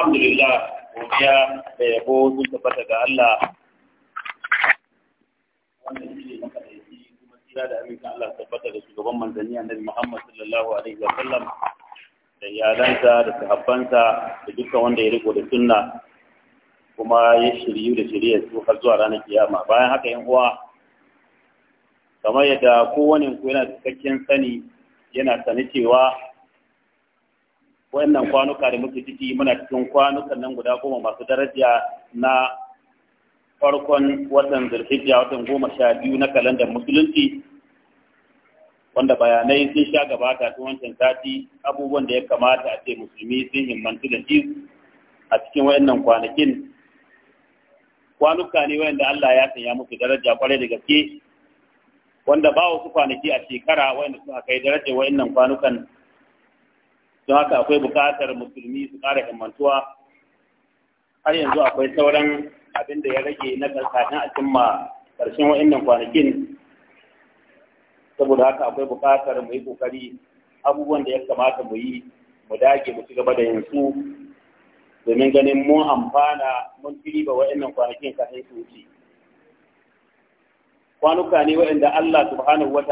alhamdulillah godiya da yabo sun tabbata ga Allah wannan shi ne makadaici kuma tsira da aminka Allah tabbata ga shugaban manzanni annabi Muhammad sallallahu alaihi wa sallam da iyalansa da sahabbansa da dukkan wanda ya riko da sunna kuma ya shiryu da shirya su har zuwa ranar kiyama bayan haka yan uwa kamar yadda kowane ku yana cikakken sani yana sani cewa wannan kwanuka da muke ciki muna cikin kwanukan nan guda goma masu daraja na farkon watan zulhijja watan goma sha biyu na kalandar musulunci wanda bayanai sun sha gabata ta wancan sati abubuwan da ya kamata a ce musulmi sun himmantu da shi a cikin wayannan kwanakin kwanuka ne wayanda Allah ya sanya musu daraja kwarai da gaske wanda ba wasu kwanaki a shekara wayanda suka kai darajar wayannan kwanukan don haka akwai bukatar musulmi su ƙara himmantuwa har yanzu akwai sauran abin da ya rage na kafin a cimma ƙarshen wa'annan kwanakin saboda haka akwai bukatar mu yi ƙoƙari abubuwan da ya kamata mu yi mu dage mu ci gaba da yanzu, domin ganin mun amfana mun ci riba wa'annan kwanakin kafin su wuce kwanuka ne wa'anda Allah subhanahu wa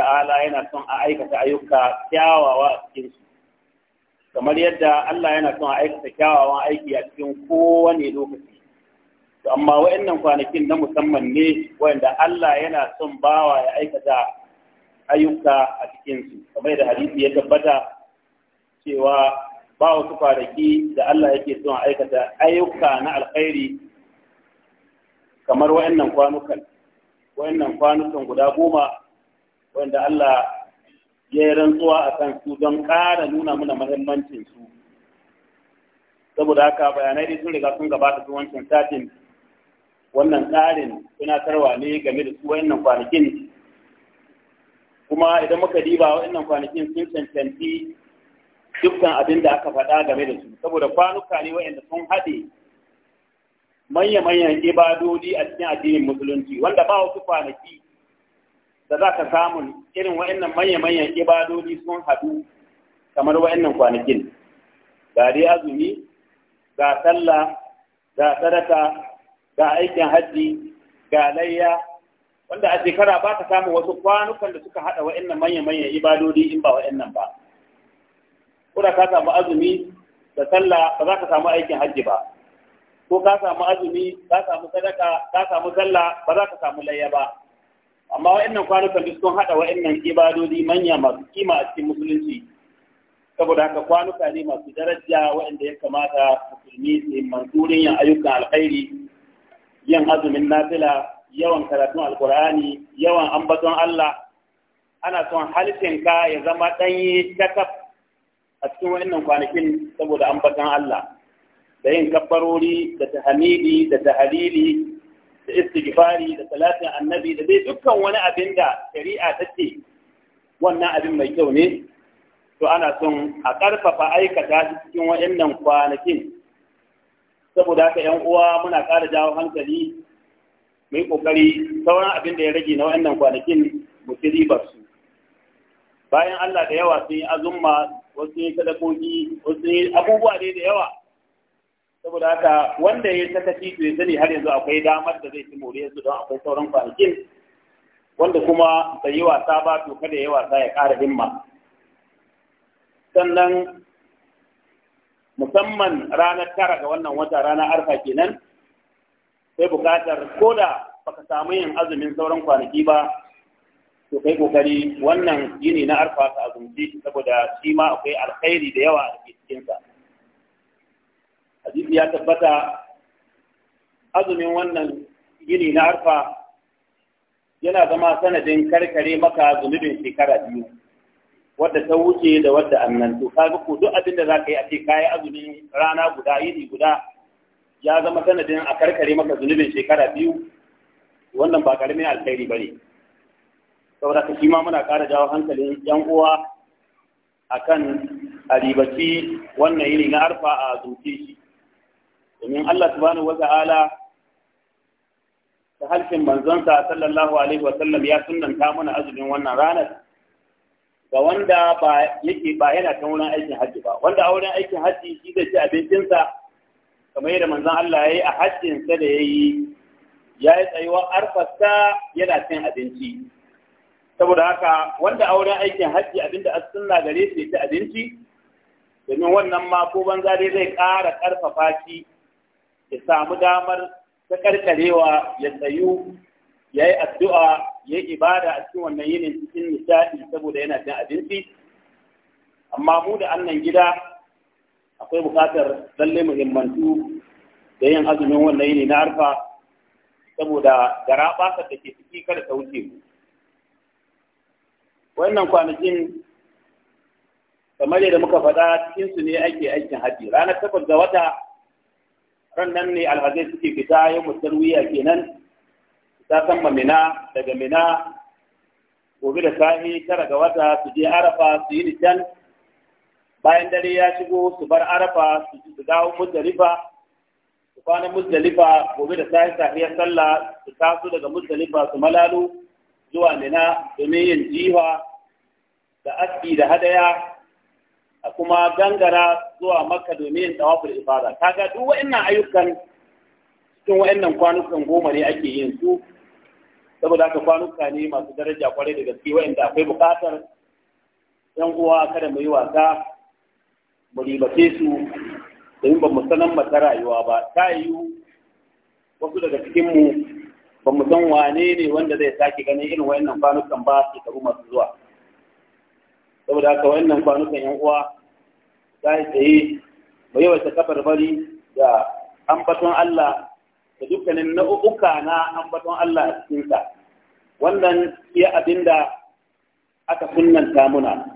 yana son a aikata ayyuka kyawawa a cikinsu kamar yadda Allah yana son a aikata kyawawan aiki a cikin kowane lokaci to amma wa'annan kwanakin na musamman ne wanda Allah yana son bawa ya aikata ayyuka a cikin su kamar da hadisi ya tabbata cewa ba wasu kwanaki da Allah yake son a aikata ayyuka na alkhairi kamar wa'annan kwanukan wa'annan kwanukan guda goma wanda Allah ya yi rantsuwa a kan su don ƙara nuna mana mahimmancin su saboda haka bayanai da sun riga sun gabata su wancan satin wannan tsarin tunatarwa ne game da su wayannan kwanakin kuma idan muka diba wayannan kwanakin sun cancanci dukkan abin da aka faɗa game da su saboda kwanuka ne wayanda sun haɗe manya-manyan ibadodi a cikin addinin musulunci wanda ba wasu kwanaki da za ka samu irin wa'annan manya-manyan ibadodi sun haɗu kamar wa'annan kwanakin ga dai azumi ga sallah ga sadaka ga aikin hajji ga layya wanda a shekara ba ka samu wasu kwanukan da suka haɗa wa'annan manya-manyan ibadodi in ba wa'annan ba Ko da ka samu azumi da sallah ba za ka samu aikin hajji ba ko ka samu azumi ka samu sadaka ka samu sallah ba za ka samu layya ba amma wa'annan kwanukan duk sun haɗa wa'annan ibadodi manya masu kima a cikin musulunci saboda haka kwanuka ne masu daraja wa'anda ya kamata musulmi su manturin yin ayyukan alkhairi yin azumin nafila yawan karatun alkur'ani yawan ambaton Allah ana son halittinka ya zama ɗanyi takaf a cikin wa'annan kwanakin saboda ambaton Allah da yin kabbarori da tahamidi da tahalili da istighfari da salatin annabi da dai dukkan wani abin da shari'a ta wannan abin mai kyau ne to ana son a karfafa aikata shi cikin waɗannan kwanakin saboda haka yan uwa muna ƙara jawo hankali mai ƙoƙari sauran abin da ya rage na waɗannan kwanakin mu ci ribar su bayan Allah da yawa sun yi azumma wasu yi sadakoki wasu abubuwa dai da yawa saboda haka wanda ya saka titi ya sani har yanzu akwai damar da zai fi more su don akwai sauran kwanakin wanda kuma bai yi wasa ba to kada ya wasa ya ƙara himma sannan musamman ranar tara ga wannan wata ranar arfa kenan sai bukatar ko da baka samu yin azumin sauran kwanaki ba to kai kokari wannan yini na arfa ka azumci saboda shi ma akwai alkhairi da yawa a cikinsa hadisi ya tabbata azumin wannan yini na arfa yana zama sanadin karkare maka zunubin shekara biyu wadda ta wuce da wadda annan to ka ku duk abin da za ka yi a ce kayi azumin rana guda yini guda ya zama sanadin a karkare maka zunubin shekara biyu wannan ba karamin alkhairi bane saboda ka shi ma muna ƙara jawo hankalin yan uwa akan a ribaci wannan yini na arfa a zuce shi domin Allah subhanahu wa ta'ala ta harshen manzonsa sallallahu alaihi wa sallam ya sunanta mana azumin wannan ranar ga wanda ba yake ba yana kan wurin aikin hajji ba wanda a wurin aikin hajji shi zai ci abincinsa kamar yadda manzon Allah ya yi a hajjinsa da ya yi ya yi tsayuwar arfasta yana cin abinci saboda haka wanda a wurin aikin hajji abinda a sunna gare shi ci abinci domin wannan ma ko banza dai zai ƙara ƙarfafa shi ya samu damar ta karkarewa ya tsayu ya yi addu'a ya yi ibada a cikin wannan yinin cikin nishaɗi saboda yana cin abinci amma mu da annan gida akwai buƙatar lalle muhimmantu da yin azumin wannan yini na arfa saboda gara ɓasar da ke ciki kada ta wuce mu wannan kwanakin kamar yadda muka faɗa cikinsu ne ake aikin haji ranar takwas ga wata ran nan ne alhazai suke fita yau wuya kenan ta ma mina daga mina gobe da sahi tara ga wata su je arafa su yi can bayan dare ya shigo su bar arafa su ji su dawo muzdalifa su kwana muzdalifa gobe da sahi sahiyar sallah su taso daga muzdalifa su malalu. zuwa mina domin yin jiwa da aski da hadaya a kuma gangara zuwa makka domin tawaful ifada kaga duk wa'annan ayyukan cikin wa'annan kwanukan goma ne ake yin su saboda haka kwanuka ne masu daraja kwarai da gaske wa'anda akwai bukatar yan uwa kada mu yi wasa mu ribace su domin ba mu sanan mata rayuwa ba ta yiwu wasu daga cikinmu ba mu san wane ne wanda zai sake ganin irin wa'annan kwanukan ba shekaru masu zuwa saboda haka wannan kwanukan yan uwa za yi tsaye mu yawaita kafar bari da ambaton Allah da dukkanin nau'uka na ambaton Allah a cikinsa wannan iya abin da aka sunnanta muna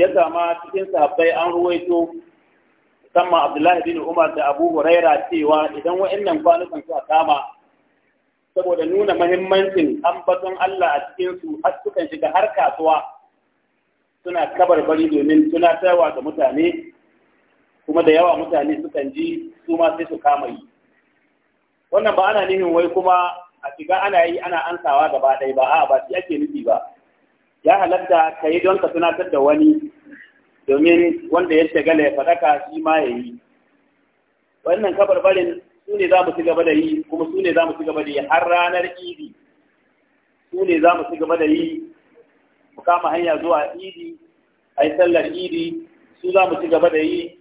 ya sama cikin sahabbai an ruwaito musamman Abdullahi bin Umar da Abu Huraira cewa idan wa'annan kwanukan suka kama saboda nuna mahimmancin ambaton Allah a cikinsu har sukan shiga har kasuwa suna kabar bari domin tunatarwa ga mutane kuma da yawa mutane sukan ji su ma sai su kama yi wannan ba ana nihin wai kuma a shiga ana yi ana ansawa gaba ɗaya ba a'a ba shi ake nufi ba ya halatta ka yi don ka tunatar da wani domin wanda ya shagala ya faɗaka shi ma ya yi wannan kabar barin su ne za mu ci gaba da yi kuma su ne za mu ci gaba da yi har ranar idi su ne za mu ci gaba da yi mu kama hanya zuwa idi a yi sallar idi su za mu ci gaba da yi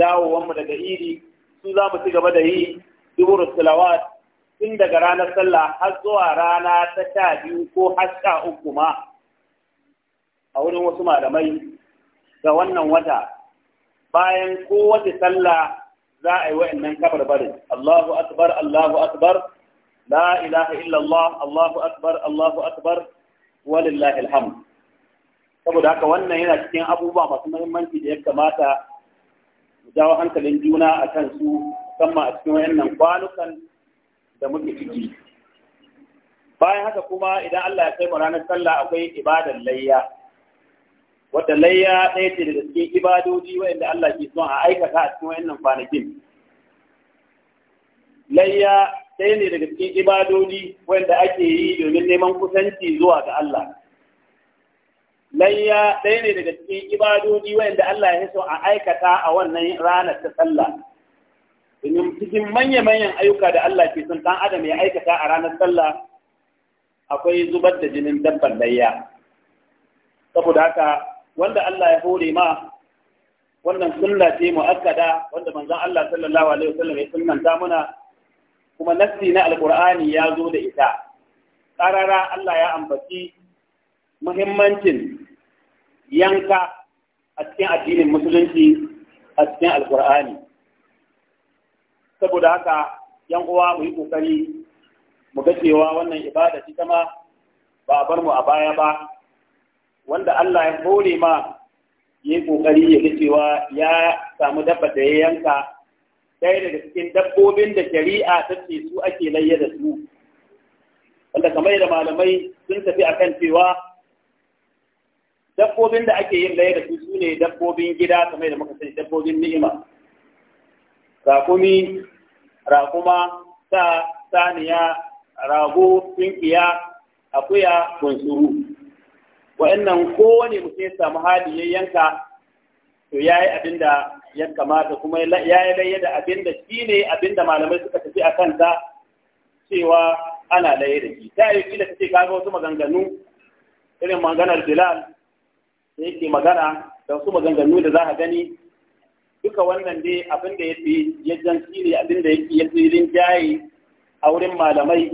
dawowanmu daga idi su za mu ci gaba da yi duburu salawat tun daga ranar sallah har zuwa rana ta sha biyu ko har sha uku ma a wurin wasu malamai ga wannan wata bayan kowace sallah za a yi wa'annan kabarbarin Allahu akbar Allahu akbar la ilaha illallah Allahu akbar Allahu akbar walillahi alhamd saboda haka wannan yana cikin abubuwa masu muhimmanci da ya kamata mu jawo hankalin juna a kan su musamman a cikin wayannan kwanukan da muke ciki bayan haka kuma idan Allah ya kai mu ranar sallah akwai ibadar layya wata layya ɗaya ce daga cikin ibadoji wayanda Allah ke son a aikata a cikin wayannan kwanakin layya ɗaya ne daga cikin ibadoji wanda ake yi domin neman kusanci zuwa ga Allah layya ɗaya ne daga cikin ibadodi wanda Allah ya so a aikata a wannan ranar ta sallah domin cikin manya-manyan ayyuka da Allah ke son ɗan adam ya aikata a ranar sallah akwai zubar da jinin dabban layya saboda haka wanda Allah ya hore ma wannan sunna ce mu'akkada wanda manzon Allah sallallahu alaihi wasallam ya sunnanta muna kuma nassi na alqur'ani ya zo da ita qarara Allah ya ambaci muhimmancin yanka a cikin addinin musulunci a cikin alkur'ani saboda haka yan uwa mu yi kokari mu ga cewa wannan ibada ita ma ba a bar mu a baya ba wanda Allah ya hore ma ya yi kokari ya ga cewa ya samu dabba da ya yanka ɗaya daga cikin dabbobin da shari'a ta ce su ake layya da su wanda kamar da malamai sun tafi akan cewa dabbobin da ake yin laye da su su ne dabbobin gida kamar da muka sani dabbobin ni'ima rakumi rakuma sa saniya rago tunkiya akuya kunsuru wa'annan kowane mutum ya samu hali ya yanka to ya yi abin da ya kamata kuma ya yi laye da abin da shi ne abin da malamai suka tafi a kanta cewa ana laye da shi ta yi kila ta ce kaga wasu maganganu irin maganar bilal da yake magana da su maganganu da za a gani duka wannan dai abin da ya fi yajjan tsiri abin da yake ya fi a wurin malamai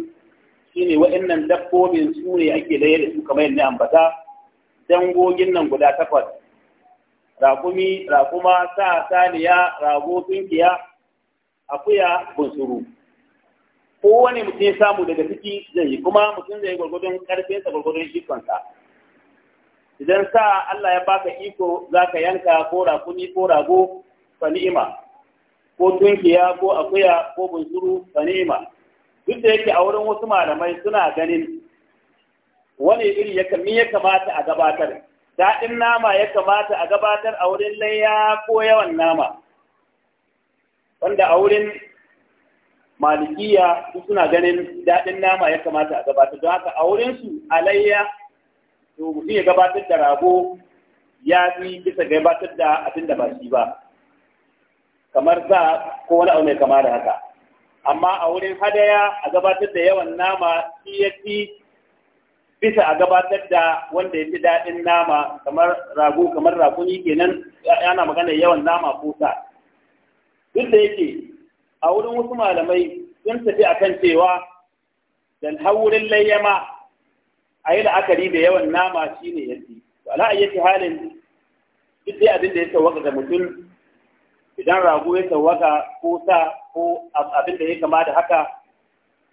shine wa'annan dabbobin su ne ake laye da su kamar yadda ambata dangogin nan guda takwas rakumi rakuma sa saniya rago tunkiya akuya bunsuru kowane mutum ya samu daga ciki zai yi kuma mutum zai gwargwadon karfinsa gwargwadon shikonsa idan sa Allah ya baka iko za ka yanka ko rakumi ko rago fa ni'ima ko tunkiya ko akuya ko bunsuru fa ni'ima duk da yake a wurin wasu malamai suna ganin wani iri ya kami ya kamata a gabatar daɗin nama ya kamata a gabatar a wurin layya ko yawan nama wanda a wurin malikiya suna ganin daɗin nama ya kamata a gabatar don haka a wurinsu alayya to mu iya gabatar da rago ya fi bisa gabatar da abin da ba shi ba kamar za ko wani abu kama da haka amma a wurin hadaya a gabatar da yawan nama shi ya fi bisa a gabatar da wanda ya fi daɗin nama kamar rago kamar rakuni kenan yana magana yawan nama ko sa duk da yake a wurin wasu malamai sun tafi akan cewa dan haurin layyama a yi la'akari da yawan nama shi ne ya fi ala ayyati halin duk dai abin da ya tawaka ga mutum idan rago ya tawaka ko sa ko abin da ya kama da haka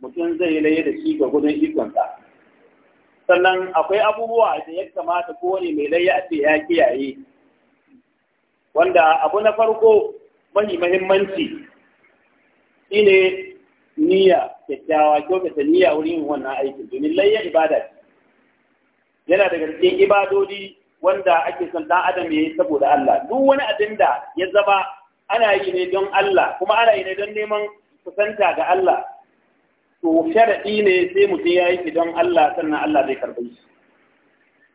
mutum zai laye da shi ga gudun ikonsa sannan akwai abubuwa da ya kamata kowane mai laye a ce ya kiyaye wanda abu na farko mahi mahimmanci shine niyya kyakkyawa kyautata niyya wurin wannan aikin domin layya ibada ce yana daga cikin ibadodi wanda ake son dan adam yayi saboda Allah duk wani abin da ya zama ana yi ne don Allah kuma ana yi ne don neman kusanta ga Allah to sharadi ne sai mutum ya yi don Allah sannan Allah zai karɓi shi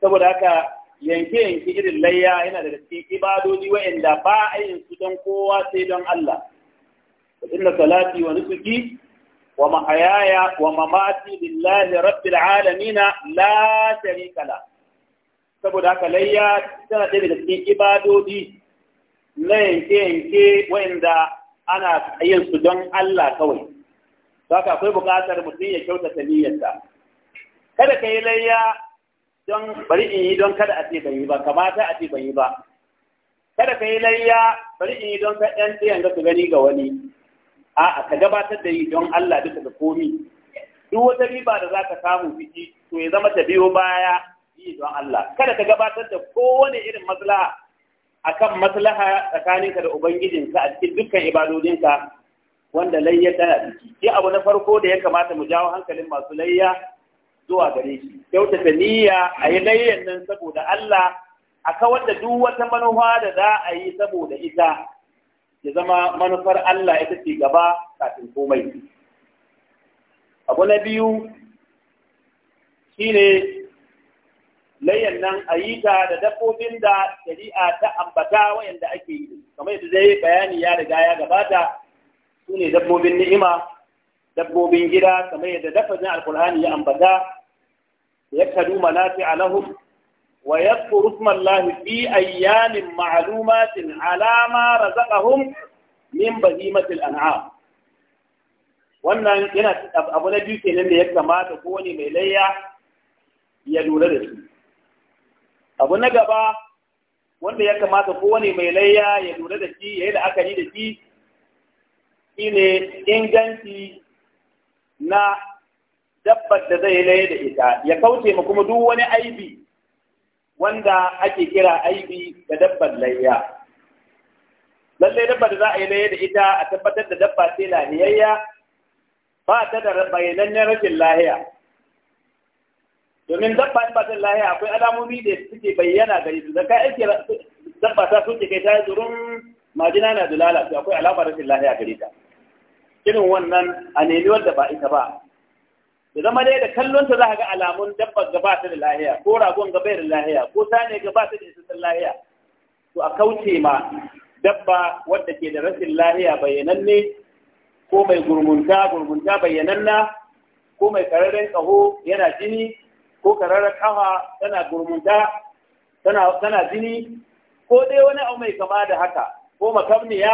saboda haka yanke yanke irin layya yana daga cikin ibadodi wa'anda ba a yin su don kowa sai don Allah inna salati wa nusuki ومحياي ومماتي لله رب العالمين لا شريك له saboda haka layya tana ɗaya daga cikin ibadodi na yanke-yanke wa'inda ana yin su don Allah kawai haka akwai buƙatar mutum ya kyautata niyyarsa kada ka yi layya don bari in yi don kada a ce ban yi ba kamata a ce ban yi ba kada ka yi layya bari in yi don su gani ga wani a'a ka gabatar da yi don Allah duka da komi duk wata riba da za ka samu fiki to ya zama ta biyo baya yi don Allah kada ka gabatar da kowane irin maslaha akan maslaha tsakaninka da ubangijinka a cikin dukkan ibadodinka wanda layya tana ciki shi abu na farko da ya kamata mu jawo hankalin masu layya zuwa gare shi kyautata niyya a yi layyan nan saboda Allah a kawar da duk wata manufa da za a yi saboda ita ya zama manufar Allah ita ce gaba kafin komai abu na biyu shine layyan nan a yi ta da dabbobin da shari'a ta ambata wayanda ake yi kamar yadda zai bayani ya riga ya gabata su ne dabbobin ni'ima dabbobin gida kamar yadda dafazin alkur'ani ya ambata ya kadu manafi alahu. ويذكر اسم الله في أيام معلومات على ما رزقهم من بهيمة الأنعام wannan yana abu na biyu kenan da ya kamata ko wani mai layya ya lura da shi. abu na gaba wanda ya kamata ko wani mai layya ya lura da shi ya yi la'akari da shi shine inganci na dabbar da zai layya da ita ya kauce ma kuma duk wani aibi wanda ake kira aibi da dabbar layya lalle dabba da za a yi layya da ita a tabbatar da dabba ce lahiyayya ba ta da bayanannen rashin lahiya domin dabba in ba ta lahiya akwai alamomi da suke bayyana gari su da ka aiki dabba ta soke kai ta yi durun majina na da lalace akwai alamar rashin lahiya gari ta irin wannan a nemi wanda ba ita ba da zama dai da kallonta za a ga alamun dabbar gaba ta da lahiya ko ragon gaba da lahiya ko saniya gaba ta da isassun lahiya to a kauce ma dabba wadda ke da rashin lahiya bayyananne ko mai gurgunta gurgunta bayyananna ko mai kararren kaho yana jini ko kararren kafa tana gurgunta tana jini ko dai wani abu mai kama da haka ko makamniya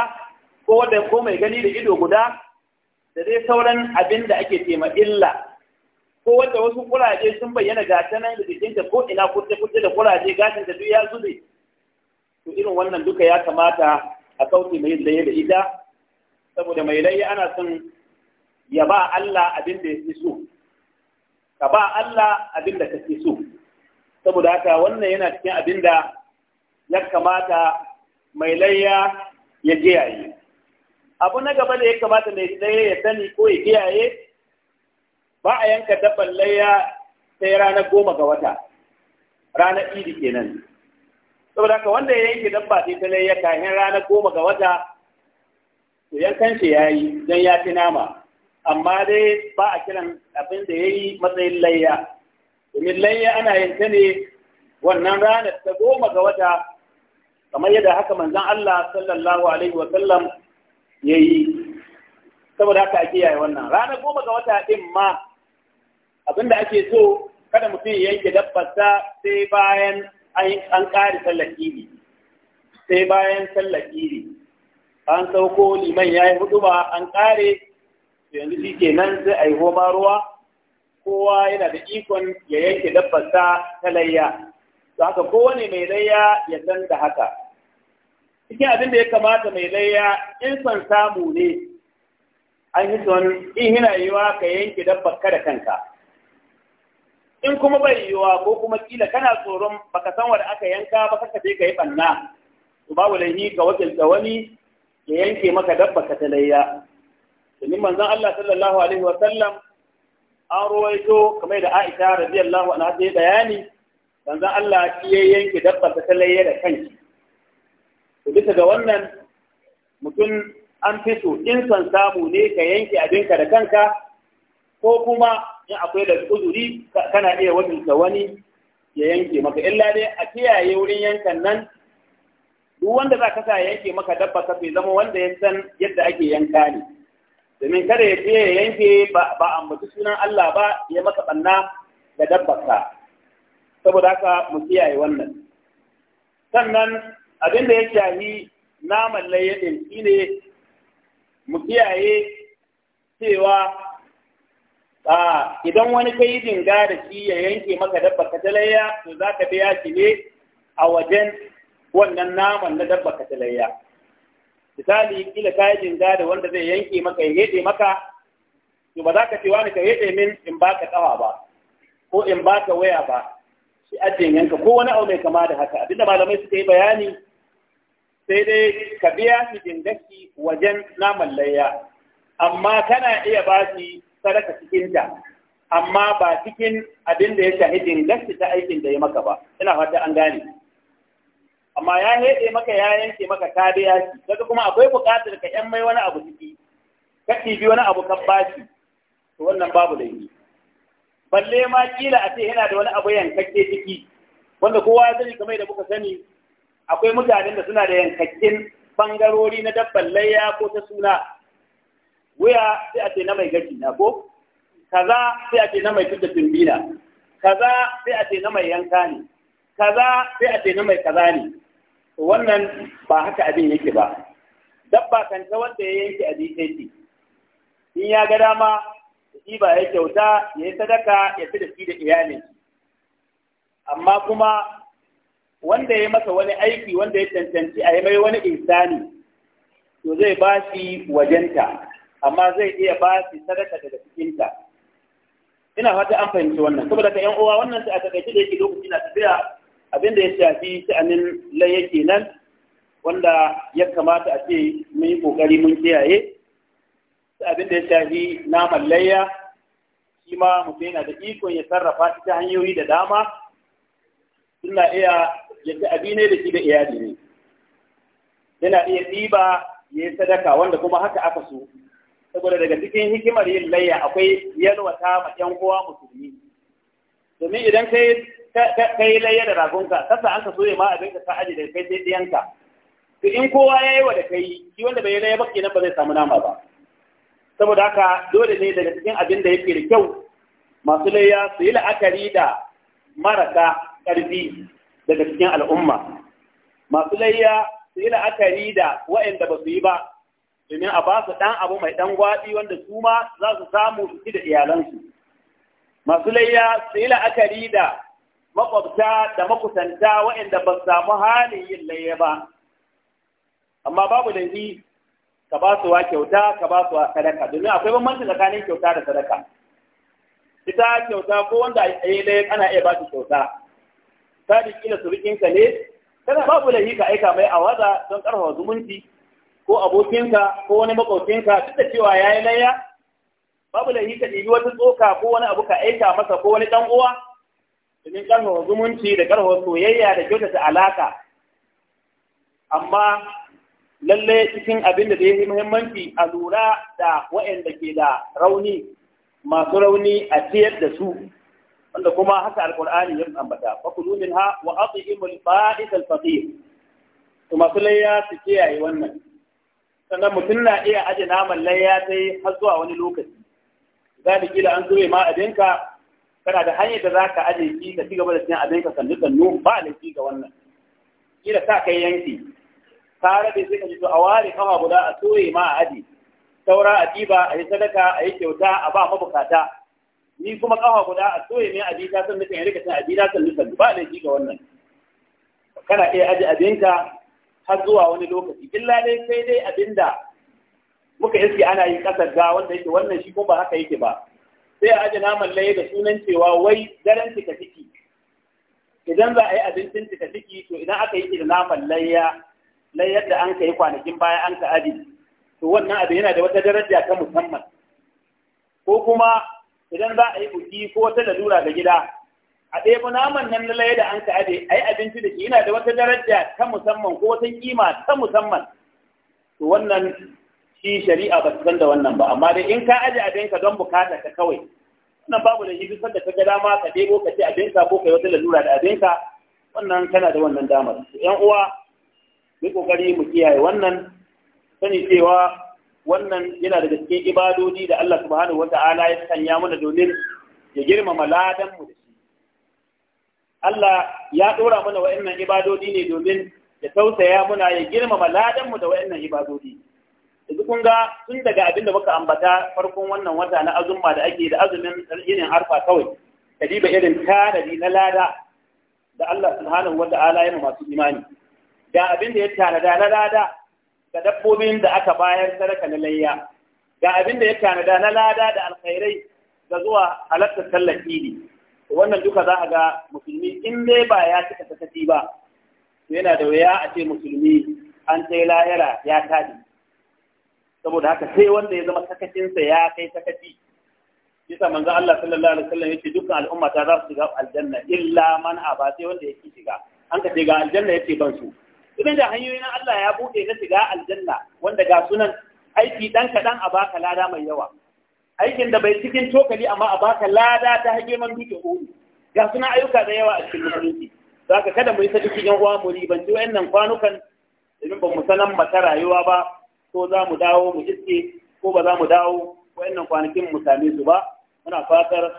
ko wadda ko mai gani da ido guda da dai sauran abin da ake tema illa ko wanda wasu kuraje sun bayyana gata nan da jikinta ko ina kurce kurce da kuraje gashin ta duk ya zube to irin wannan duka ya kamata a sauti mai laye da ita saboda mai laye ana son ya ba Allah abin da ya so ka ba Allah abin da kake so saboda haka wannan yana cikin abin da ya kamata mai layya ya jiyaye. abu na gaba da ya kamata mai laye ya sani ko ya kiyaye ba a yanka dabban layya sai ranar goma ga wata ranar idi kenan saboda haka wanda ya yanke dabba sai ta layya kafin ranar goma ga wata to yankan shi yayi dan ya fi nama amma dai ba a kiran abin da yayi matsayin layya domin layya ana yanka ne wannan ranar ta goma ga wata kamar yadda haka manzon Allah sallallahu alaihi wa sallam yayi saboda haka a yaya wannan ranar goma ga wata din ma abin da ake so kada mutum ya yanke dabbarsa sai bayan an ƙari sallar ne, sai bayan sallar ne. an sauko liman ya yi hudu ba an ƙare yanzu shi ke nan sai a yi ruwa kowa yana da ikon ya yanke dabbarsa ta layya to haka kowane mai layya ya san da haka cikin abin da ya kamata mai layya in son samu ne an yi son in yana yiwa ka yanke dabbar ka da kanka in kuma bai yiwuwa ko kuma kila kana tsoron baka san wanda aka yanka ba ka ka yi banna to babu laifi ga wakilta wani ya yanke maka dabba ka talayya domin manzon Allah sallallahu alaihi wa sallam an ruwaito kamar da Aisha radiyallahu anha ta bayani manzon Allah shi ya yanke dabba ta talayya da kanki to bisa ga wannan mutum an fito in san samu ne ka yanke abinka da kanka ko kuma in akwai da uzuri kana iya wakilta wani ya yanke maka illa dai a kiyaye wurin yankan nan duk wanda za ka sa yanke maka dabba ka zama wanda ya san yadda ake yanka ne domin kada ya je ya yanke ba mutu sunan Allah ba ya maka banna da dabba ka, saboda haka mu kiyaye wannan sannan abin da ya shahi naman layyadin shine mu kiyaye cewa a idan wani ka yi dinga da shi ya yanke maka dabba katalayya to za ka biya shi ne a wajen wannan naman na dabba katalayya misali kila ka yi dinga da wanda zai yanke maka ya hede maka to ba za ka cewa wani ka hede min in ba ka tsawa ba ko in ba ka waya ba shi ajin yanka ko wani abu mai kama da haka abinda malamai suka yi bayani sai dai ka biya shi shi wajen naman layya amma kana iya ba shi sadaka cikin ta amma ba cikin abin da ya shahidin gaske ta aikin da ya maka ba ina fata an gane amma ya hede maka ya yanke maka tabiya da yaki kuma akwai bukatar ka yan mai wani abu ciki ka tibi wani abu ka bashi to wannan babu laifi balle ma kila a ce yana da wani abu yankakke ciki wanda kowa ya sani kamar da muka sani akwai mutanen da suna da yankakken bangarori na dabban layya ko ta suna wuya sai a ce na mai gashi na ko kaza sai a ce na mai fita kaza sai a ce na mai yanka ne kaza sai a ce na mai kaza ne wannan ba haka abin yake ba dabba kan ta wanda ya yanke a DKT in ya ga dama shi ba ya kyauta ya yi sadaka ya fi da shi da iyalin amma kuma wanda ya yi masa wani aiki wanda ya cancanci a yi mai wani insani to zai ba shi wajenta amma zai iya ba shi sadaka daga cikinta ina fata an fahimci wannan saboda ka yan uwa wannan sai a takaice da yake lokaci na tafiya abin da ya shafi sha'anin laye kenan wanda ya kamata a ce mun yi kokari mun kiyaye abin da ya shafi naman layya shi ma mutum yana da ikon ya sarrafa shi ta hanyoyi da dama suna iya yadda abi ne da shi da iyali ne yana iya ɗiba ya sadaka wanda kuma haka aka so saboda daga cikin hikimar yin layya akwai yalwata ma ƴan uwa musulmi domin idan ka yi layya da ragunka, kasa an ka soye ma abin ka ka aji da kai sai ɗiyanka to in kowa ya yi wa da kai shi wanda bai yi layya ba kenan ba zai samu nama ba saboda haka dole ne daga cikin abin da yake da kyau masu layya su yi la'akari da marasa ƙarfi daga cikin al'umma masu layya su yi la'akari da waɗanda ba su yi ba domin a ba su ɗan abu mai ɗan gwaɗi wanda su ma za su samu su da iyalansu. Masu layya su yi la'akari da makwabta da makusanta waɗanda ba su samu halin yin layya ba. Amma babu da yi ka ba su wa kyauta ka ba su wa sadaka domin akwai bambanci tsakanin kyauta da sadaka. Ita kyauta ko wanda a yi layya ana iya ba su kyauta. Sadi kila surukinka ne, kana babu lahi ka aika mai a waza don ƙarfafa zumunci ko abokinka ko wani makwabcinka duk da cewa ya yi layya babu laifi ka ɗibi wata tsoka ko wani abu ka aika masa ko wani ɗan uwa domin ƙarfafa zumunci da ƙarfafa soyayya da kyautata alaka amma lalle cikin abin da ya yi muhimmanci a lura da waɗanda ke da rauni masu rauni a ciyar da su wanda kuma haka alkur'ani ya ambata fa kulu minha wa at'imul ba'is faqir to masu layya su kiyaye wannan sannan mutum na iya aje naman layya ta yi har zuwa wani lokaci za mu kila an zuwa ma abinka kana da hanyar da za ka aje ki ka ci gaba da cin abinka sannu sannu ba laifi ga wannan kila sa kai yanki ka rabe sai ka ji to a ware kama guda a soye ma a aje saura a ɗiba a yi sadaka a yi kyauta a ba mabukata ni kuma kama guda a soye mai abita sannu kan yi rika cin abita sannu sannu ba laifi ga wannan kana iya aje abinka har zuwa wani lokaci illa dai sai dai abinda muka iske ana yi kasar ga wanda yake wannan shi ko ba haka yake ba sai a aje naman laye da sunan cewa wai daren cika ciki idan za a yi abincin cika ciki to idan aka yi da naman layya layyar da an ka yi kwanakin baya an ka aji to wannan abin yana da wata daraja ta musamman ko kuma idan za a yi buki ko wata lalura da gida a ɗebo naman nan na laye da an ka aje ai abinci da shi yana da wata daraja ta musamman ko wata kima ta musamman to wannan shi shari'a ba san da wannan ba amma dai in ka aje abinka don bukata ka kawai wannan babu da shi sanda ka ga dama ka ɗebo ka ce abinka ko kai wata lalura da abinka wannan kana da wannan damar yan uwa mu kokari mu kiyaye wannan sani cewa wannan yana daga cikin ibadodi da Allah subhanahu Ta'ala ya sanya mana domin ya girmama ladan mu da Allah ya ɗora mana wa'annan ibadodi ne domin ya tausaya muna ya girmama ladanmu da wa'annan ibadodi. Yanzu kun ga tun daga abin da muka ambata farkon wannan wata na azumma da ake da azumin irin harfa kawai, ka diba irin tanadi na lada da Allah subhanahu wa ta'ala yana masu imani. Ga abin da ya tanada na lada ga dabbobin da aka bayar sadaka na layya. Ga abin da ya tanada na lada da alkhairai ga zuwa halartar tallafi ne. wannan duka za a ga musulmi in dai ba ya cika sakaci ba to yana da waya a ce musulmi an sai lahira ya tashi saboda haka sai wanda ya zama sakacinsa ya kai sakaci yasa manzo Allah sallallahu alaihi wasallam yace dukkan al'umma ta za su shiga aljanna illa man aba sai wanda yake shiga an ka ga aljanna yace ban su idan da hanyoyin Allah ya buɗe na shiga aljanna wanda ga sunan aiki dan kadan a baka lada mai yawa aikin da bai cikin cokali amma a baka lada ta hage man duke hudu ga suna ayyuka da yawa a cikin musulunci za ka kada mu yi sadiki yan uwa mu ribanci wayannan kwanukan domin ba mu sanan mata rayuwa ba ko za mu dawo mu iske ko ba za mu dawo wayannan kwanakin mu same su ba muna fatar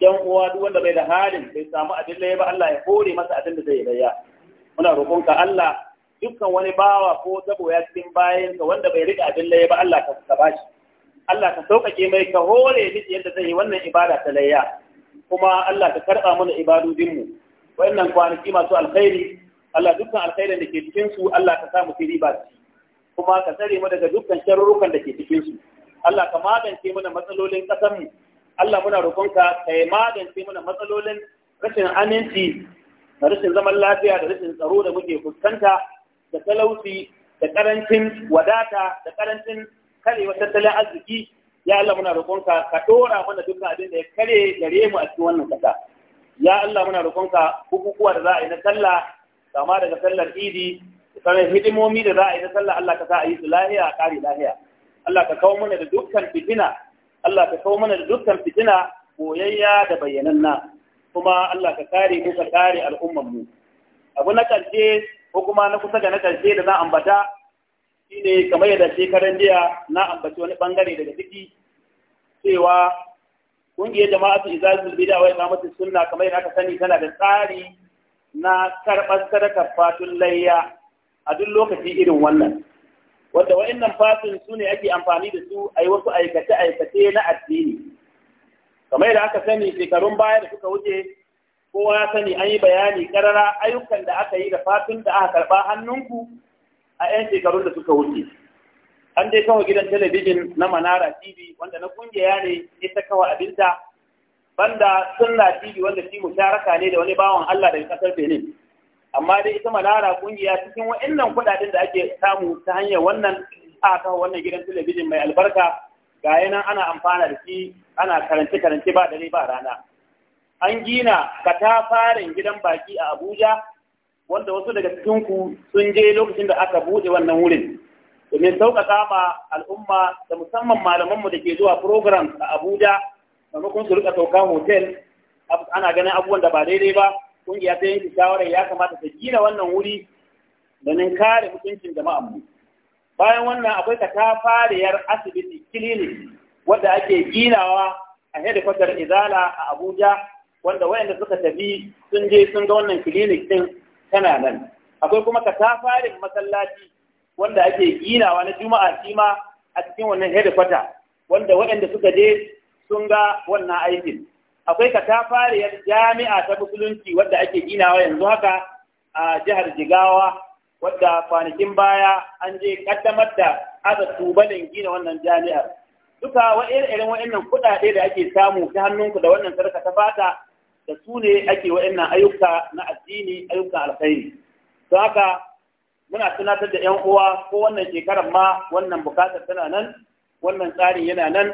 yan uwa duk wanda bai da halin bai samu abin da ba Allah ya hore masa abin da zai yi bayya muna rokonka Allah dukkan wani bawa ko tabo ya cikin bayanka wanda bai rika abin da ba Allah ka shi. Allah ka sauƙaƙe mai ka hore miki yadda zai yi wannan ibada ta layya kuma Allah ka karɓa mana ibadodinmu wayannan kwanaki masu alkhairi Allah dukkan alkhairin da ke cikin su Allah ka sa mu fi riba kuma ka tsare mu daga dukkan sharurrukan da ke cikin su Allah ka magance mana matsalolin ƙasar mu Allah muna roƙonka ka yi magance mana matsalolin rashin aminci da rashin zaman lafiya da rashin tsaro da muke fuskanta da talauci da ƙarancin wadata da karancin kare wa tattalin arziki ya Allah muna roƙonka ka dora mana dukkan abin da ya kare gare mu a cikin wannan kasa ya Allah muna roƙonka bukukuwa da za a yi na sallah kama daga sallar idi sanar hidimomi da za a yi na sallah Allah ka sa a yi su lahiya a ƙari lahiya Allah ka kawo mana da dukkan fitina Allah ka kawo mana da dukkan fitina boyayya da bayyananna kuma Allah ka kare mu ka kare al'ummar mu abu na ƙarshe ko kuma na kusa da na ƙarshe da za ambata shine kamar yadda shekaran jiya na ambaci wani bangare daga ciki cewa kungiyar jama'atu su bid'a wa iqamatu sunna kamar yadda aka sani tana da tsari na karɓar sadakar fatun layya a duk lokaci irin wannan wanda wa'annan fatun su ne ake amfani da su a yi wasu aikace-aikace na addini kamar yadda aka sani shekarun baya da suka wuce kowa ya sani an yi bayani karara ayyukan da aka yi da fatun da aka karɓa hannunku a 'yan shekarun da suka wuce an dai kawo gidan talabijin na manara tv wanda na kungiya ne ita kawo abinta banda sunna tv wanda shi musharaka ne da wani bawan allah daga kasar benin amma dai ita manara kungiya cikin wa'annan kuɗaɗen da ake samu ta hanyar wannan a kawo wannan gidan talabijin mai albarka ga yana ana amfana da shi ana karance karance ba dare ba rana an gina katafaren gidan baki a abuja wanda wasu daga cikin ku sun je lokacin da aka buɗe wannan wurin domin sauƙaƙa ma al'umma da musamman malamanmu da ke zuwa program a Abuja maimakon su rika sauka hotel ana ganin abubuwan da ba daidai ba kungiya ta yanke shawarar ya kamata ta gina wannan wuri domin kare mutuncin jama'a mu bayan wannan akwai katafariyar asibiti clinic wadda ake ginawa a hedikwatar izala a Abuja wanda wayanda suka tafi sun je sun ga wannan clinic din tana nan akwai kuma katafarin masallaci wanda ake ginawa na juma'a shi a cikin wannan hedikwata wanda waɗanda suka je sun ga wannan aikin akwai katafariyar jami'a ta musulunci wadda ake ginawa yanzu haka a jihar jigawa wadda kwanakin baya an je kaddamar da aka tubalin gina wannan jami'ar duka wa irin wa'annan kuɗaɗe da ake samu ta hannunku da wannan sarka ta fata da su ne ake wa'annan ayyuka na addini ayyukan alkhairi to haka muna tunatar da yan uwa ko wannan shekarar ma wannan bukatar tana nan wannan tsarin yana nan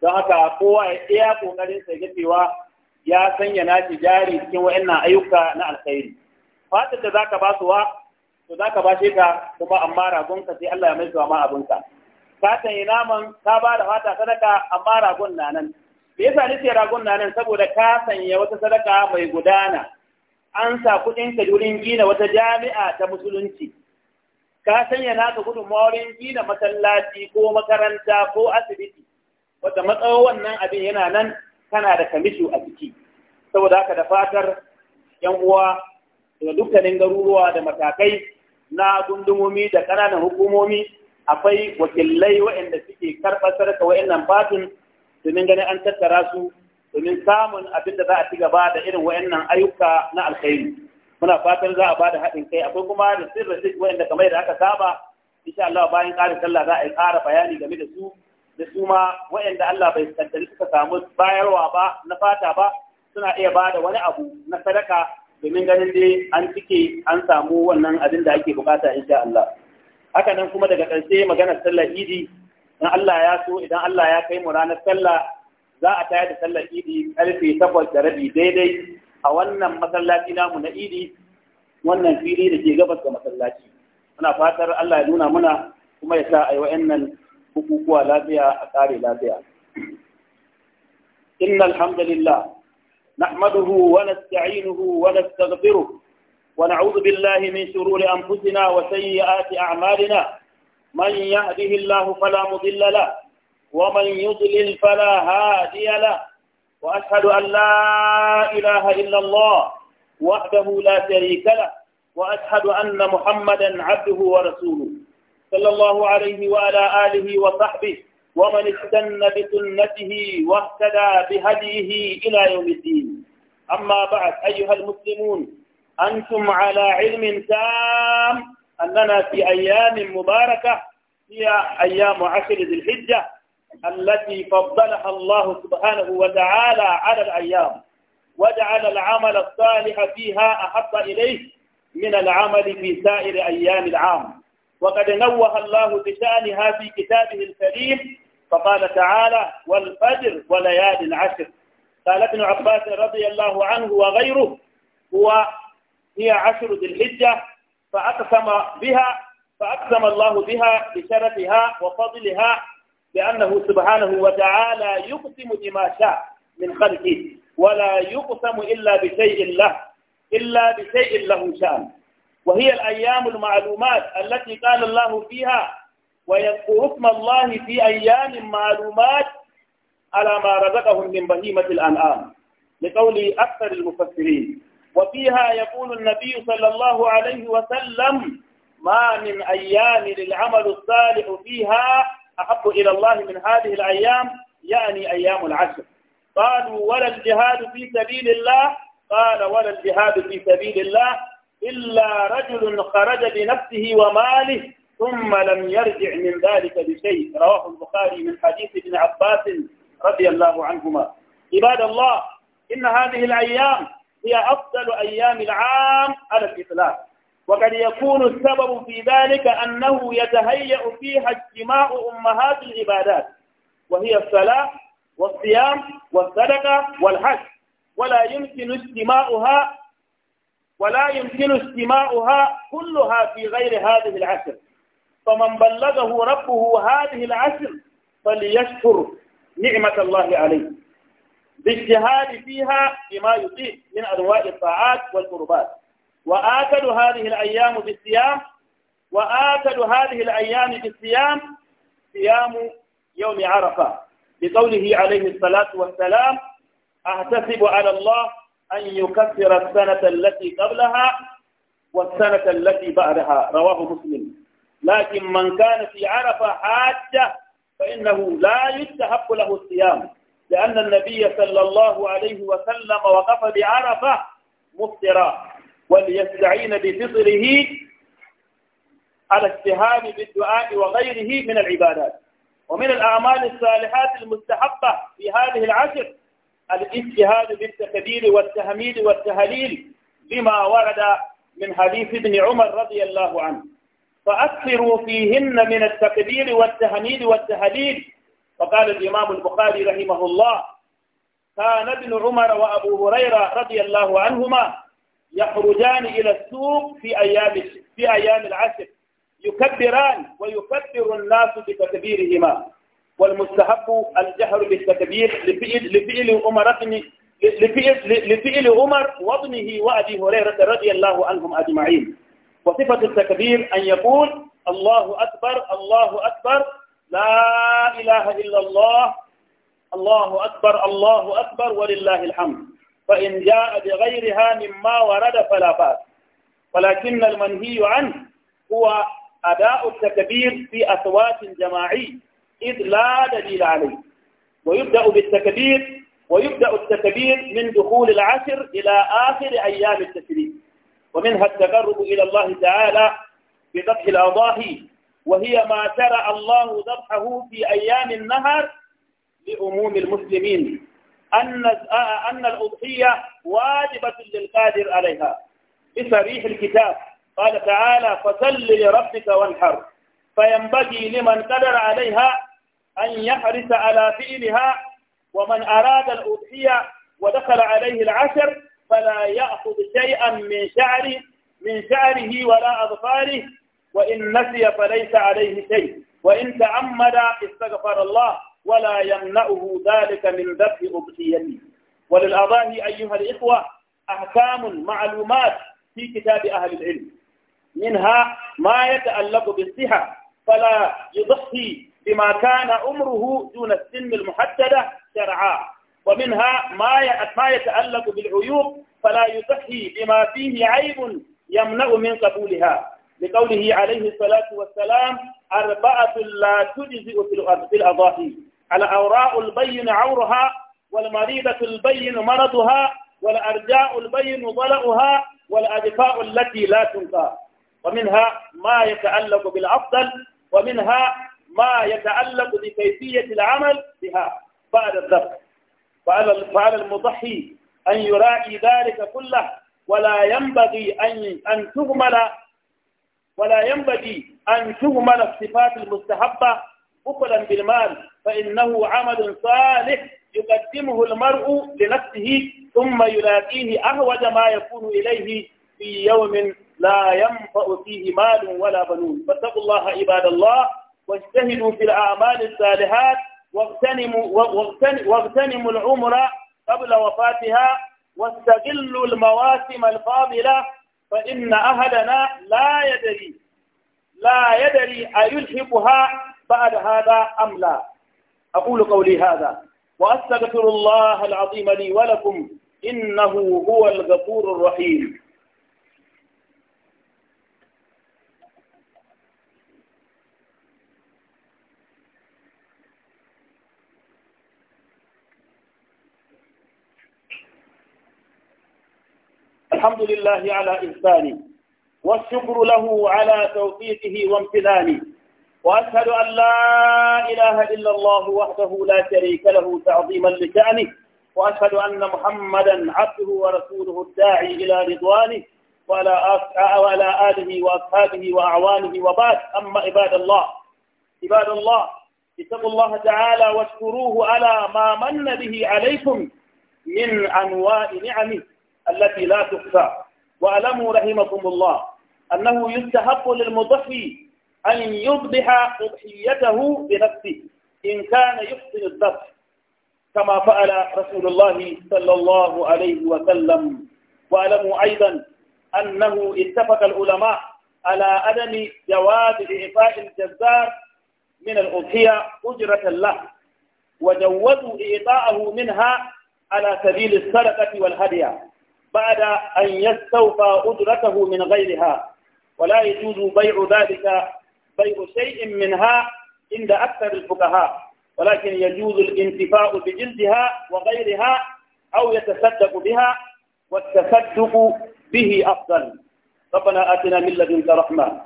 don haka kowa ya iya kokarin sa cewa ya sanya naci jari cikin wa'annan ayyuka na alkhairi fatar da zaka ba su to zaka ba shi ka kuma amma ragon ka sai Allah ya mai ma abinka ka tayi naman ka ba da fata sadaka amma ragon na nan me yasa nace ragon na nan saboda ka sanya wata sadaka mai gudana an sa kudin ka wurin gina wata jami'a ta musulunci ka sanya naka gudunmawar gina masallaci ko makaranta ko asibiti wata matsawo wannan abin yana nan kana da kamishu a ciki saboda haka da fatar yan uwa daga dukkanin garuruwa da matakai na gundumomi da kananan hukumomi akwai wakilai waɗanda suke karɓar sarka waɗannan batun domin ganin an tattara su domin samun abin da za a ci gaba da irin wayannan ayyuka na alkhairi muna fatan za a ba da haɗin kai akwai kuma da sirri duk wayanda kamar da aka saba insha Allah bayan ƙarin sallah za a yi ƙara bayani game da su da su ma wayanda Allah bai tattari suka samu bayarwa ba na fata ba suna iya bada wani abu na sadaka domin ganin dai an cike an samu wannan abin da ake bukata insha Allah haka nan kuma daga ƙarshe maganar sallar idi dan Allah ya so idan Allah ya kai mu ranar sallah za a tayar da sallar idi karfe takwas da rabi daidai a wannan masallaci namu na idi wannan fili da ke gabas da masallaci muna fatar Allah ya nuna muna kuma ya sa a yi wa'annan bukukuwa lafiya a kare lafiya inna alhamdulillah نحمده wa ونستغفره ونعوذ بالله من شرور أنفسنا وسيئات أعمالنا من يهده الله فلا مضل له ومن يضلل فلا هادي له وأشهد أن لا إله إلا الله وحده لا شريك له وأشهد أن محمدا عبده ورسوله صلى الله عليه وعلى آله وصحبه ومن استن بسنته واهتدى بهديه إلى يوم الدين أما بعد أيها المسلمون أنتم على علم تام أننا في أيام مباركة هي أيام عشر ذي الحجة التي فضلها الله سبحانه وتعالى على الأيام وجعل العمل الصالح فيها أحب إليه من العمل في سائر أيام العام وقد نوه الله بشأنها في كتابه الكريم فقال تعالى والفجر وليالي العشر قال ابن عباس رضي الله عنه وغيره هو هي عشر ذي الحجة فأقسم بها فأقسم الله بها بشرفها وفضلها لأنه سبحانه وتعالى يقسم بما شاء من خلقه ولا يقسم إلا بشيء له إلا بشيء له شأن وهي الأيام المعلومات التي قال الله فيها ويذكر اسم الله في أيام معلومات على ما رزقهم من بهيمة الأنعام لقول أكثر المفسرين وفيها يقول النبي صلى الله عليه وسلم ما من أيام للعمل الصالح فيها أحب إلى الله من هذه الأيام يعني أيام العشر قالوا ولا الجهاد في سبيل الله قال ولا الجهاد في سبيل الله إلا رجل خرج بنفسه وماله ثم لم يرجع من ذلك بشيء رواه البخاري من حديث ابن عباس رضي الله عنهما عباد الله إن هذه الأيام هي أفضل أيام العام على الإطلاق وقد يكون السبب في ذلك أنه يتهيأ فيها اجتماع أمهات العبادات وهي الصلاة والصيام والصدقة والحج ولا يمكن اجتماعها ولا يمكن اجتماعها كلها في غير هذه العشر فمن بلغه ربه هذه العشر فليشكر نعمة الله عليه باجتهاد فيها بما يطيق من أنواع الطاعات والقربات وآكل هذه الأيام بالصيام وآكل هذه الأيام بالصيام صيام يوم عرفة بقوله عليه الصلاة والسلام أحتسب على الله أن يكفر السنة التي قبلها والسنة التي بعدها رواه مسلم لكن من كان في عرفة حاجة فإنه لا يستحق له الصيام لأن النبي صلى الله عليه وسلم وقف بعرفة مفطرا وليستعين بفطره على السهام بالدعاء وغيره من العبادات ومن الأعمال الصالحات المستحقة في هذه العشر الاجتهاد بالتكبير والتهميد والتهليل بما ورد من حديث ابن عمر رضي الله عنه فأكثروا فيهن من التكبير والتهميد والتهليل وقال الإمام البخاري رحمه الله كان ابن عمر وأبو هريرة رضي الله عنهما يخرجان إلى السوق في أيام في أيام العشر يكبران ويكبر الناس بتكبيرهما والمستحب الجهر بالتكبير لفئل لفئل عمر لفئل عمر وابنه وأبي هريرة رضي الله عنهم أجمعين وصفة التكبير أن يقول الله أكبر الله أكبر لا إله إلا الله الله أكبر الله أكبر ولله الحمد فإن جاء بغيرها مما ورد فلا بأس ولكن المنهي عنه هو أداء التكبير في أصوات جماعي إذ لا دليل عليه ويبدأ بالتكبير ويبدأ التكبير من دخول العشر إلى آخر أيام التشريق ومنها التقرب إلى الله تعالى بذبح الأضاحي وهي ما شرع الله ذبحه في أيام النهر لأموم المسلمين أن آه، أن الأضحية واجبة للقادر عليها بصريح الكتاب قال تعالى فصل لربك وانحر فينبغي لمن قدر عليها أن يحرص على فعلها ومن أراد الأضحية ودخل عليه العشر فلا يأخذ شيئا من شعره من شعره ولا أظفاره وإن نسي فليس عليه شيء وإن تعمد استغفر الله ولا يمنعه ذلك من ذبح أضحيته وللأضاحي أيها الإخوة أحكام معلومات في كتاب أهل العلم منها ما يتعلق بالصحة فلا يضحي بما كان عمره دون السن المحددة شرعا ومنها ما ما يتعلق بالعيوب فلا يضحي بما فيه عيب يمنع من قبولها لقوله عليه الصلاة والسلام أربعة لا تجزئ في الأضاحي الأوراء البين عورها والمريضة البين مرضها والأرجاء البين ضلؤها والأدفاء التي لا تنقى ومنها ما يتعلق بالأفضل ومنها ما يتعلق بكيفية العمل بها بعد الذبح فعلى المضحي أن يراعي ذلك كله ولا ينبغي أن أن تهمل ولا ينبغي أن تهمل الصفات المستحبة بخلا بالمال فإنه عمل صالح يقدمه المرء لنفسه ثم يلاقيه أهوج ما يكون إليه في يوم لا ينفع فيه مال ولا بنون فاتقوا الله عباد الله واجتهدوا في الأعمال الصالحات واغتنموا, واغتنموا العمر قبل وفاتها واستغلوا المواسم الفاضلة فإن أهلنا لا يدري لا يدري أيلحقها بعد هذا أم لا أقول قولي هذا وأستغفر الله العظيم لي ولكم إنه هو الغفور الرحيم الحمد لله على إحساني والشكر له على توفيقه وامتناني وأشهد أن لا إله إلا الله وحده لا شريك له تعظيما لشأنه وأشهد أن محمدا عبده ورسوله الداعي إلى رضوانه وعلى آه، وعلى آله وأصحابه وأعوانه وبعد أما عباد الله عباد الله اتقوا الله تعالى واشكروه على ما من به عليكم من أنواع نعمه التي لا تخفى واعلموا رحمكم الله أنه يستحق للمضحي أن يضبح أضحيته بنفسه إن كان يحسن الذبح كما فعل رسول الله صلى الله عليه وسلم واعلموا أيضا أنه اتفق العلماء على عدم جواز إعفاء الجزار من الأضحية أجرة له وجوزوا إعطاءه منها على سبيل السرقة والهدية بعد أن يستوفى أجرته من غيرها ولا يجوز بيع ذلك بيع شيء منها عند أكثر الفقهاء ولكن يجوز الانتفاع بجلدها وغيرها أو يتصدق بها والتصدق به أفضل ربنا آتنا من لدنك رحمة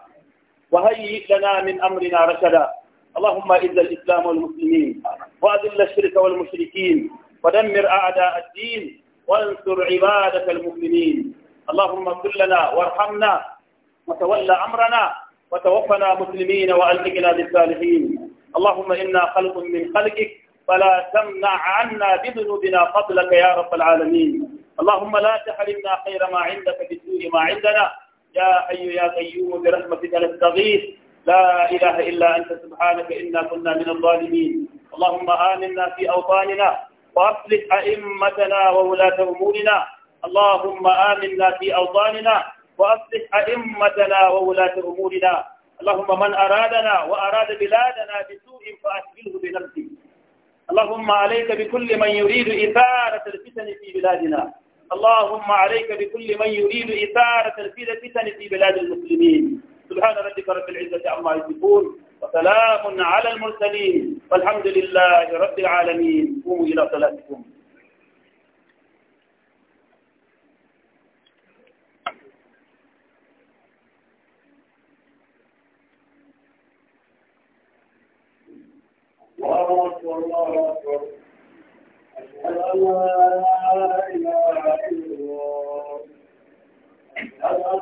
وهيئ لنا من أمرنا رشدا اللهم إذ الإسلام والمسلمين وأذل الشرك والمشركين ودمر أعداء الدين وانصر عبادك المؤمنين اللهم اغفر لنا وارحمنا وتولى أمرنا وتوفنا مسلمين وألحقنا بالصالحين اللهم إنا خلق من خلقك فلا تمنع عنا بذنوبنا فضلك يا رب العالمين اللهم لا تحرمنا خير ما عندك بسوء ما عندنا يا حي يا قيوم برحمتك نستغيث لا إله إلا أنت سبحانك إنا كنا من الظالمين اللهم آمنا في أوطاننا وأصلح أئمتنا وولاة أمورنا اللهم آمنا في أوطاننا وأصلح أئمتنا وولاة أمورنا اللهم من أرادنا وأراد بلادنا بسوء فأشغله بنفسه اللهم عليك بكل من يريد إثارة الفتن في بلادنا اللهم عليك بكل من يريد إثارة الفتن في بلاد المسلمين سبحان ربك رب العزة عما يصفون وسلام على المرسلين والحمد لله رب العالمين قوموا إلى صلاتكم الله أكبر الله أكبر أشهد أن لا إله إلا الله أشهد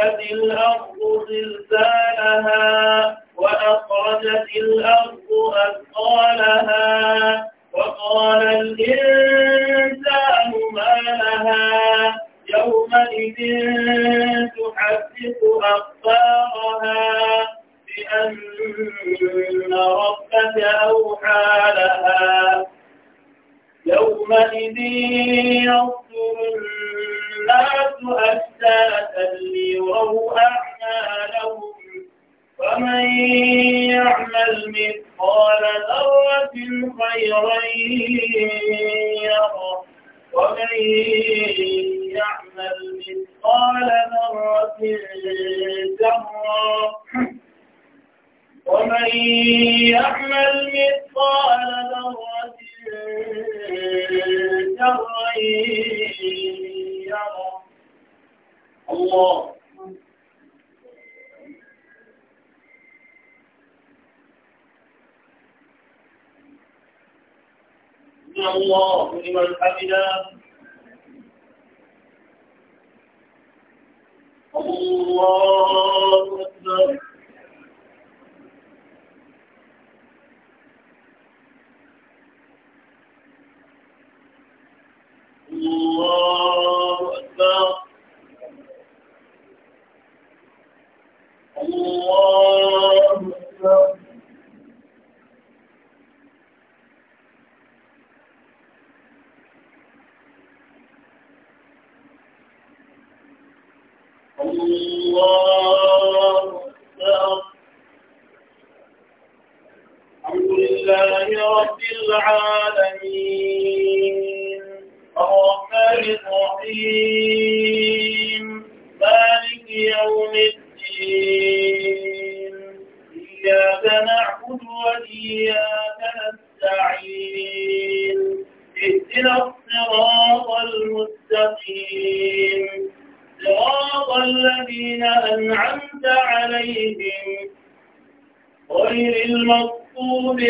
وأخرجت الأرض زلزالها وأخرجت الأرض أثقالها وقال الإنسان ما لها يومئذ تحدث أخبارها بأن ربك أوحى لها يومئذ يصدر الناس أجسادا ليروا أعمالهم ومن يعمل مثقال ذرة خيرا يره ومن يعمل مثقال ذرة شرا ومن يعمل مثقال ذرة شرا لمن حمده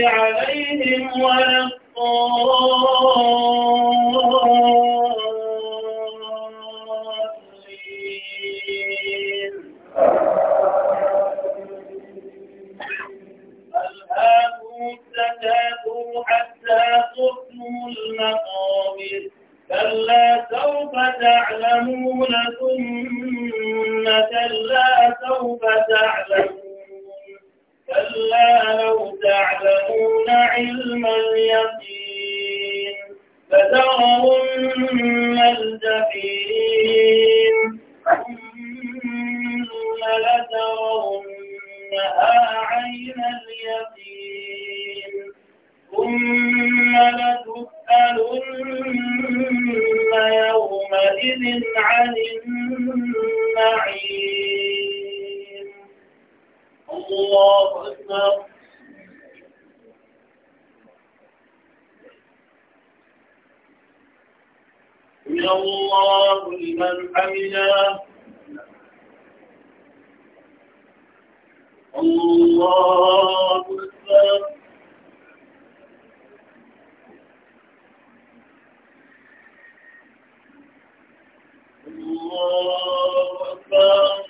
عليهم ولا الضالين ألهاكم التكاثر حتى زرتم المقابر كلا سوف تعلمون ثم كلا سوف تعلمون كلا لو تعلمون علم اليقين فذرهم الجحيم ثم لترونها عين اليقين ثم لتسألن يومئذ عن النعيم الله أكبر يا الله لمن حمده الله أكبر الله أكبر